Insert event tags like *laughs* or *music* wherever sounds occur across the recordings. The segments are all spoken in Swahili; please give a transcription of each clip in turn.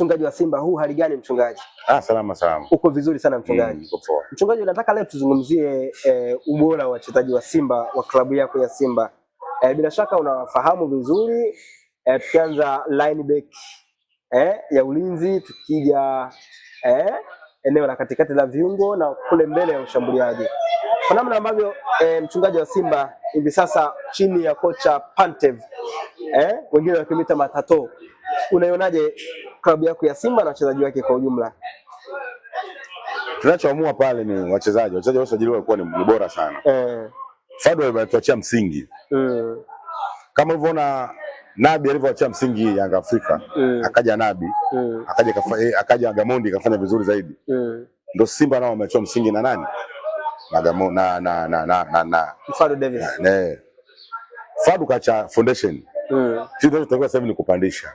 Mchungaji wa Simba huu, hali gani mchungaji? Ah, salama salama. Uko vizuri sana mchungaji. Mm, mchungaji, nataka leo tuzungumzie e, ubora wa wachezaji wa Simba wa klabu yako ya Simba. E, bila shaka unawafahamu vizuri e, tukianza lineback e, ya ulinzi, tukija e, eneo la katikati la viungo na kule mbele ya ushambuliaji, kwa namna ambavyo e, mchungaji wa Simba hivi sasa chini ya kocha Pantev eh, wengine wakimita Matato, unaionaje klabu yako ya Simba na wachezaji wake kwa ujumla? Tunachoamua pale ni wachezaji, wachezaji waliosajiliwa walikuwa ni bora sana eh. Fadu alituachia msingi mm. kama ulivyoona Nabi alivyoachia msingi Yanga Afrika mm. akaja Nabi mm. akaja kafa, eh, akaja Gamondi kafanya vizuri zaidi mm. ndio Simba nao wameachia msingi na nani na Gamo, na na na na, na, na. Fadu Davis eh ne. Fadu kacha foundation mm. Sisi tunatakiwa sasa hivi ni kupandisha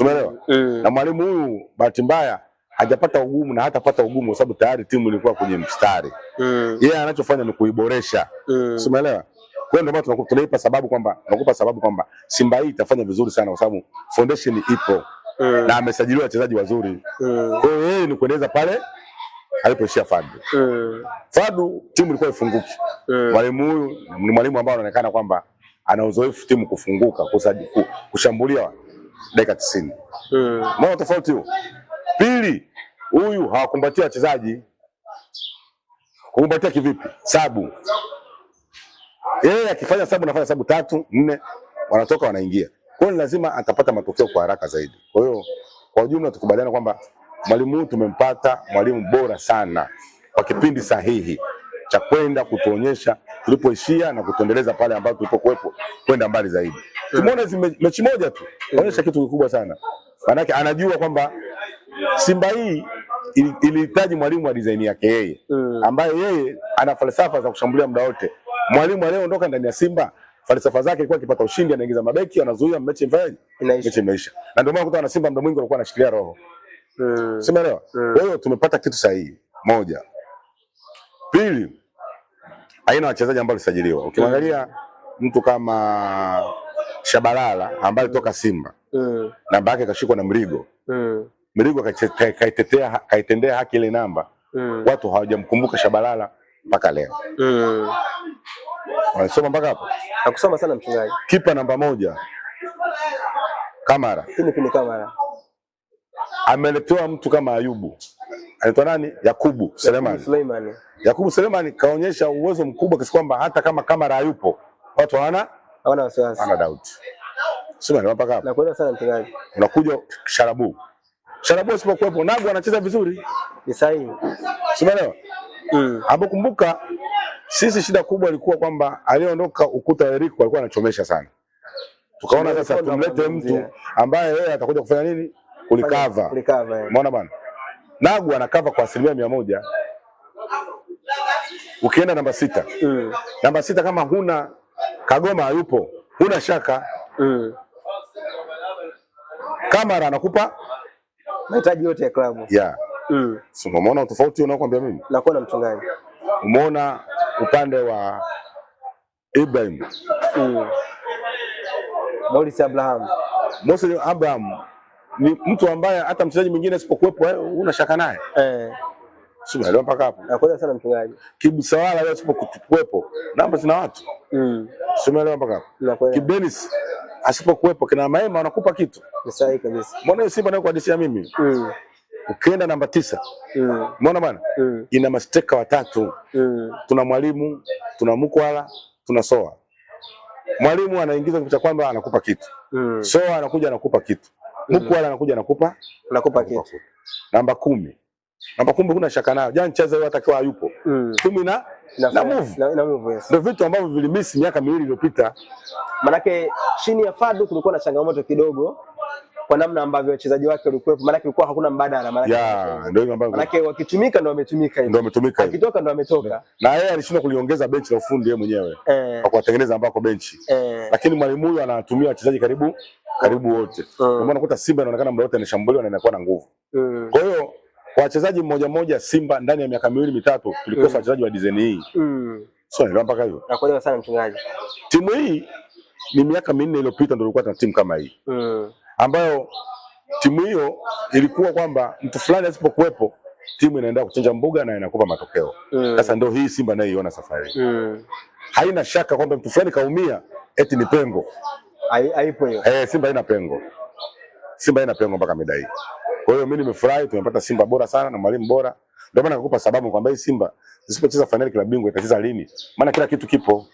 Umeelewa? Eh. Na mwalimu huyu bahati mbaya hajapata ugumu na hatapata ugumu kwa sababu tayari timu ilikuwa kwenye mstari. Mm. Yeye yeah, anachofanya ni kuiboresha. Mm. Umeelewa? Kwa hiyo ndio maana tunaipa sababu kwamba nakupa sababu kwamba Simba hii itafanya vizuri sana kwa sababu foundation ipo. Mm. Na amesajiliwa wachezaji wazuri. Mm. Kwa hiyo yeye ni kuendeleza pale alipoishia Fadu. Mm. Fadu timu ilikuwa ifunguki. Mm. Mwalimu huyu ni mwalimu ambaye anaonekana kwamba ana uzoefu timu kufunguka, kushambulia dakika tisini. Unaona mm. tofauti huo? Pili, huyu hawakumbatia wachezaji. Kumbatia kivipi? Sabu yeye akifanya sabu, nafanya sabu tatu nne, wanatoka wanaingia. Kwa hiyo lazima atapata matokeo kwa haraka zaidi. Kwa hiyo kwa ujumla tukubaliana kwamba mwalimu huyu tumempata mwalimu bora sana kwa kipindi sahihi cha kwenda kutuonyesha tulipoishia na kutendeleza pale ambapo tulipokuwepo kwenda mbali zaidi. Tumeona mechi moja tu onyesha kitu kikubwa sana, maanake anajua kwamba Simba hii ilihitaji mwalimu wa design yake yeye, mm. ambaye yeye ana falsafa za kushambulia muda wote. Mwalimu aliyeondoka ndani ya Simba falsafa zake ilikuwa akipata ushindi, anaingiza mabeki, anazuia mechi mfayaji, mechi imeisha. Na ndio maana kutoka Simba muda mwingi walikuwa anashikilia roho mm. Simeelewa. Mm. Kwa hiyo tumepata kitu sahihi moja. Pili, aina wachezaji ambao walisajiliwa. Ukimwangalia mtu kama Shabalala ambaye toka Simba mm. namba yake kashikwa na Mrigo mm. Mrigo kaitetea kaitendea haki ile namba mm. watu hawajamkumbuka Shabalala mpaka leo mm. wanasoma mpaka hapo, nakusoma sana mchungaji. Kipa namba moja Kamara, Pinipini Kamara ameletewa mtu kama Ayubu anaitwa nani? Yakubu Selemani. Selemani. Yakubu Selemani kaonyesha uwezo mkubwa kiasi kwamba hata kama kamera hayupo watu hawana hawana wasiwasi, hawana doubt. Sema ni mpaka hapo. Nakwenda sana mtengaji. Unakuja Sharabu. Sharabu asipokuwepo Nagu anacheza vizuri. Ni sahihi. Sema leo. Mm. Hapo kumbuka sisi shida kubwa ilikuwa kwamba aliondoka ukuta Eriko alikuwa anachomesha sana. Tukaona sasa tumlete mtu ambaye yeye atakuja kufanya nini? Kulikava. Kulikava. Eh. Umeona bwana? Nagu anakava kwa asilimia mia moja. Ukienda namba sita mm. namba sita kama huna Kagoma hayupo, huna shaka mm. Kamara anakupa mahitaji yote ya klabu yeah. mm. so, umeona utofauti unaokuambia mimi nakuwa na mchungaji, umeona upande wa Ibrahim mm. Moses Abraham Moses Abraham ni mtu ambaye hata mchezaji mwingine asipokuwepo eh, una shaka naye eh. Sio leo mpaka hapo. Nakuja sana mchungaji. Kibu Sawala leo asipokuwepo namba zina watu. Mm. Sio leo mpaka hapo. Kibenis Dennis asipokuwepo kina Maema wanakupa kitu. Ni sahihi kabisa. Mbona hiyo Simba nayo kwa hadisi mimi? Mm. Ukienda namba tisa mm. Mbona bwana mm. ina masteka watatu mm. tuna mwalimu tuna Mkwala tuna Soa. Mwalimu anaingiza kitu cha kwamba anakupa kitu mm. Soa anakuja anakupa kitu Mkuu wala anakuja nakupa nakupa kitu. Namba kumi. Namba kumi kuna shaka nayo. Jan Chaza yeye atakiwa hayupo. Mm. Kumi na na, na move. Na, na move yes. Ndio vitu ambavyo vilimiss miaka miwili iliyopita. Manake chini ya Fadu kulikuwa na changamoto kidogo kwa namna ambavyo wachezaji wake walikuwa, maana kulikuwa hakuna mbadala, maana ya ndio hivyo ambavyo maana wakitumika ndio wametumika hivyo, ndio wametumika hivyo, akitoka ndio ametoka, na yeye alishindwa kuliongeza benchi la ufundi yeye mwenyewe eh, kwa kuwatengeneza ambako benchi eh. lakini mwalimu huyu anatumia wachezaji karibu karibu wote. Ah. Ndio maana unakuta Simba inaonekana muda wote anashambuliwa na inakuwa na nguvu. Mm. Kwa hiyo kwa wachezaji mmoja mmoja Simba ndani ya miaka miwili mitatu tulikosa mm. wachezaji wa design hii. Mm. Sio ndio mpaka hivyo. Nakuelewa sana mchungaji. Timu hii ni miaka minne iliyopita ndio ilikuwa na timu kama hii. Mm. Ambayo timu hiyo ilikuwa kwamba mtu fulani asipokuwepo timu inaenda kuchanja mbuga na inakupa matokeo. Mm. Sasa ndio hii Simba nayo iona safari. Mm. Haina shaka kwamba mtu fulani kaumia eti ni pengo haipo hiyo. Eh, Simba ina pengo. Simba ina pengo mpaka mida hii. Kwa hiyo mimi nimefurahi, tumepata Simba bora sana na mwalimu bora. Ndio maana nakupa sababu kwamba hii Simba isipocheza fainali klabu bingwa itacheza lini? Maana kila kitu kipo.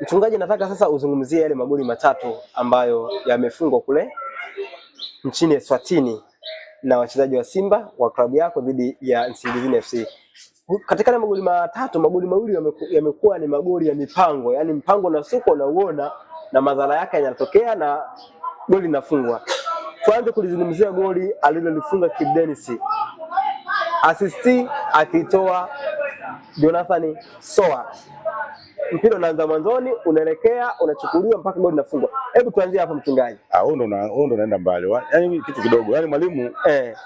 Mchungaji, nataka sasa uzungumzie yale magoli matatu ambayo yamefungwa kule nchini Eswatini na wachezaji wa Simba wa klabu yako dhidi ya Nsingizini FC. Katika na magoli matatu, magoli mawili yamekuwa ni magoli ya mipango, yani mpango na soko na uona na madhara yake yanatokea na goli linafungwa. Tuanze kulizungumzia goli alilolifunga Kibu Denis, asisti akitoa Jonathan Soa. Mpira unaanza mwanzoni, unaelekea, unachukuliwa mpaka goli linafungwa. Hebu tuanzie hapa mchungaji. Ah, huo ndo huo ndo naenda mbali, yaani kitu kidogo, yaani mwalimu eh,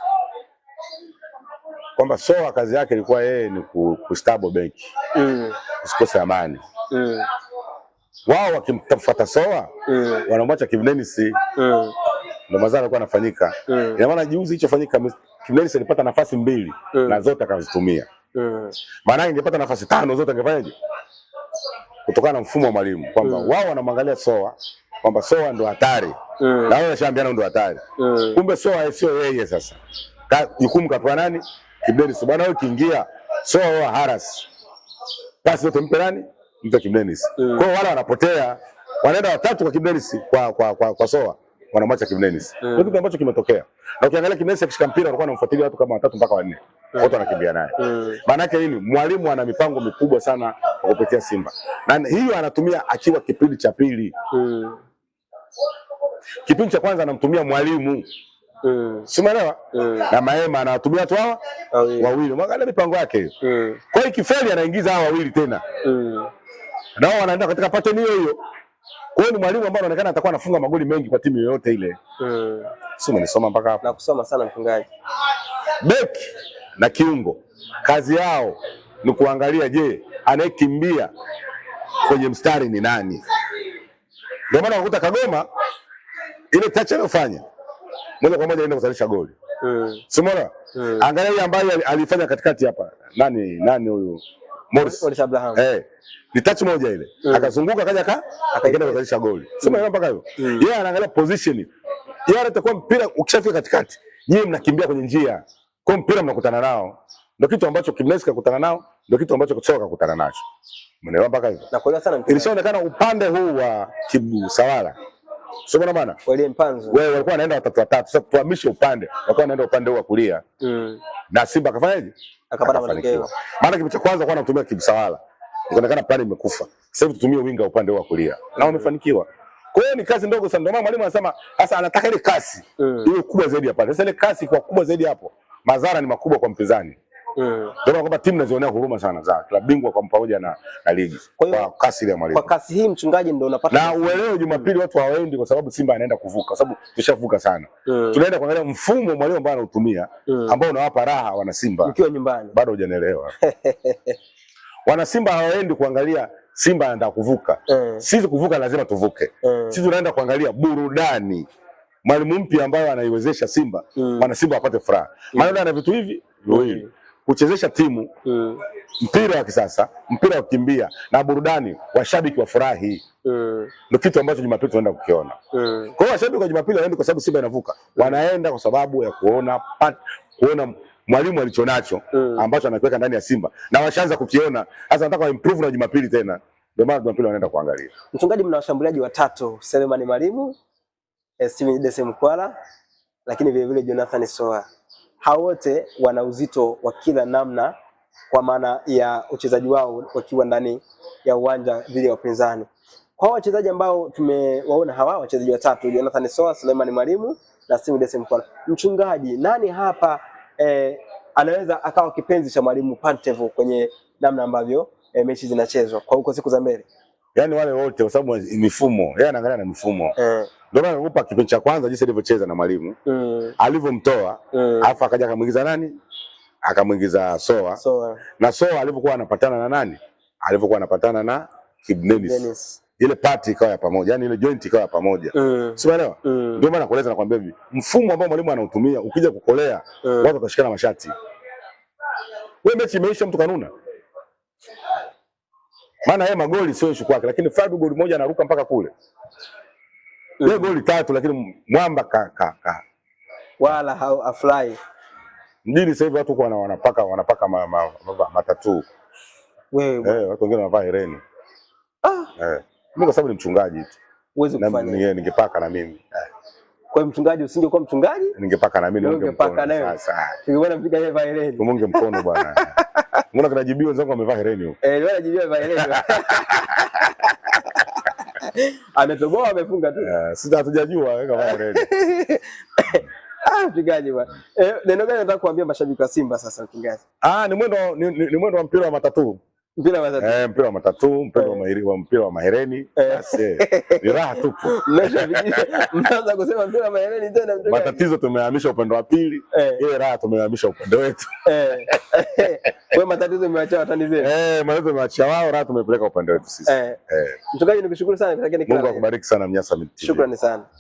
kwamba Soa kazi yake ilikuwa yeye ni kustable bench. mm. usikose amani mm wao wakimfuata Soa mm. wanamwacha Kivnenis mm. ndo mazao yalikuwa yanafanyika mm. ina maana juzi hicho fanyika Kivnenis alipata nafasi mbili mm. na zote akazitumia mm. maana ingepata nafasi tano zote angefanyaje kutokana na mfumo wa mwalimu kwamba mm. wao wanamwangalia Soa kwamba Soa ndo hatari mm. na wao washaambiana ndo hatari mm. kumbe Soa sio yeye sasa jukumu Ka, kapewa nani Kivnenis bwana wewe kiingia Soa haras pasi zote mpe nani mtu wa Kibdenis. Mm. Eh. Kwa wale wanapotea wanaenda watatu kwa Kibdenis kwa kwa kwa, kwa soa wanamwacha Kibdenis. Mm. Eh. kitu ambacho kimetokea. Na ukiangalia Kibdenis akishika mpira alikuwa anamfuatilia watu kama watatu mpaka wanne. Mm. Watu wanakimbia naye. Mm. Maana yake nini? Mwalimu ana mipango mikubwa sana kwa kupitia Simba. Na hiyo anatumia akiwa kipindi cha pili. Mm. Kipindi cha kwanza anamtumia mwalimu. Mm. Si umeelewa? Mm. Na Maema anawatumia watu hawa wawili. Mwangalia mipango yake hiyo. Mm. Kwa hiyo kifeli anaingiza hawa wawili tena. Mm nao wanaenda katika pattern hiyo hiyo. Kwa hiyo ni mwalimu ambaye anaonekana atakuwa anafunga magoli mengi kwa timu yoyote ile. Mm. Sio umenisoma mpaka hapo. kusoma sana mfungaji. Beki na kiungo kazi yao ni kuangalia, je, anayekimbia kwenye mstari ni nani? Ndio maana unakuta Kagoma ile touch aliyofanya moja kwa moja inaenda kuzalisha goli. Mm. Sio Mm. Angalia yule ambaye alifanya katikati hapa. Nani nani huyu? Morris Morris Abraham eh, ni touch moja ile mm. akazunguka akaja aka akaenda kuzalisha goli, sema mm. mpaka hiyo. mm. yeye anaangalia position yeye atakuwa mpira ukishafika katikati, Yeye mnakimbia kwenye njia kwa mpira mnakutana nao, ndio kitu ambacho gymnasium kakutana nao, ndio kitu ambacho soka kakutana nacho, Mnaelewa mpaka hiyo? Na kwa sana mpira, ilishaonekana upande huu wa Kibu Sawala Sio bwana bwana. Wale mpanzo. Wewe walikuwa wanaenda watatu watatu. Sasa tuhamishe upande. Wakawa wanaenda upande huu wa kulia. Mm. Na Simba kafanyaje? akapata matokeo. Maana kitu cha kwanza kwa anatumia kimsawala. Ikaonekana plani imekufa. Sasa hivi tutumie winga upande wa kulia. Na wamefanikiwa. Kwa hiyo ni kazi ndogo sana. Ndio maana mwalimu anasema sasa anataka ile kasi mm. iwe kubwa zaidi hapa. Sasa ile kasi kwa kubwa zaidi hapo, madhara ni makubwa kwa mpinzani. Mm. Kwa kwamba timu nazionea huruma sana za klabu bingwa kwa pamoja na, na ligi kwa, kwa kasi ya mwalimu. Kwa kasi hii mchungaji ndio unapata. Na uelewe Jumapili watu hawaendi kwa sababu Simba anaenda kuvuka kwa sababu tushavuka sana. Mm. Tunaenda kuangalia mfumo mwalimu ambao anautumia mm. ambao unawapa raha wana Simba. Ukiwa nyumbani. Bado hujanielewa. *laughs* wana Simba hawaendi kuangalia Simba anaenda kuvuka. Mm. Sisi kuvuka lazima tuvuke. Mm. Sisi tunaenda kuangalia burudani. Mwalimu mpya ambaye anaiwezesha Simba, mm. wana Simba wapate furaha. Mm. Maana ana vitu hivi mm. viwili. Mm kuchezesha timu mm. mpira wa kisasa, mpira wa kukimbia na burudani, washabiki wafurahi mm. ndio kitu ambacho Jumapili tunaenda kukiona mm. kwa hiyo washabiki wa Jumapili wanaenda kwa sababu Simba inavuka mm. wanaenda kwa sababu ya kuona pat, kuona mwalimu alichonacho mm. ambacho anakiweka ndani ya Simba na washaanza kukiona sasa, nataka wa improve na Jumapili tena, ndio maana Jumapili wanaenda kuangalia. Mchungaji, mna washambuliaji watatu, Selemani Mwalimu, eh, Steven Desemkwala, lakini vile vile Jonathan Soa hao wote wana uzito wa kila namna kwa maana ya uchezaji wao wakiwa ndani ya uwanja dhidi ya wapinzani. Kwa wachezaji ambao tumewaona hawa wachezaji watatu Jonathan Soa, Suleiman Mwalimu na Simon Mkwala. Mchungaji, nani hapa eh, anaweza akawa kipenzi cha Mwalimu Pantevo kwenye namna ambavyo eh, mechi zinachezwa kwa huko siku za mbele? Yaani wale wote kwa sababu mifumo, yeye anaangalia na mifumo. Eh. Ndio maana nakupa kipindi cha kwanza jinsi alivyocheza na mwalimu mm. alivyomtoa mm. alafu akaja akamwingiza nani akamwingiza Soa. Soa na Soa alivyokuwa anapatana na nani alivyokuwa anapatana na Kibnenis ile party ikawa ya pamoja, yani ile joint ikawa ya pamoja mm. Sielewa mm. Ndio maana nakueleza, nakwambia hivi mfumo ambao mwalimu anautumia ukija kukolea mm. watu watashikana mashati. Wewe mechi imeisha, mtu kanuna maana yeye magoli sio issue kwake, lakini Fadu goli moja anaruka mpaka kule ile goli tatu, lakini mwamba ka, ka, ka. wala hau afly mjini. Sasa hivi watu kwa wanapaka wanapaka ma, ma, ma, ma, matatu wewe eh, watu wengine wanavaa hereni ah eh, mimi kwa sababu ni mchungaji tu uweze kufanya, ningepaka na mimi eh. Kwa mchungaji usingekuwa mchungaji, ningepaka na mimi ningepaka na nawe. Sasa ningekuwa nampiga yeye hereni munge mkono bwana. *laughs* Mbona kinajibiwa wenzangu wamevaa hereni huko? Eh, wanajibiwa hereni *laughs* ametoboa *laughs* amefunga tu. Eh, sisi hatujajua eh, kama already. *laughs* Ah, mchungaji bwana. Eh, neno gani nataka kuambia mashabiki wa Simba sasa mpigaji Ah, ni mwendo ni, ni, ni mwendo wa mpira wa matatu mpira wa matatu eh, mpira wa matatu, mpira wa eh. mahiri, wa mpira wa mahereni. Basi eh. ni raha tupu, *laughs* mnaanza kusema mpira wa mahereni tena. Matatizo tumehamisha upande wa pili, eh. ile raha tumehamisha upande wetu. Eh. *laughs* Wewe matatizo umeacha watani zetu, eh, matatizo umeacha wao, raha tumepeleka upande wetu sisi. Eh, mchungaji, nikushukuru sana, lakini Mungu akubariki sana Mnyasa Media. Shukrani sana.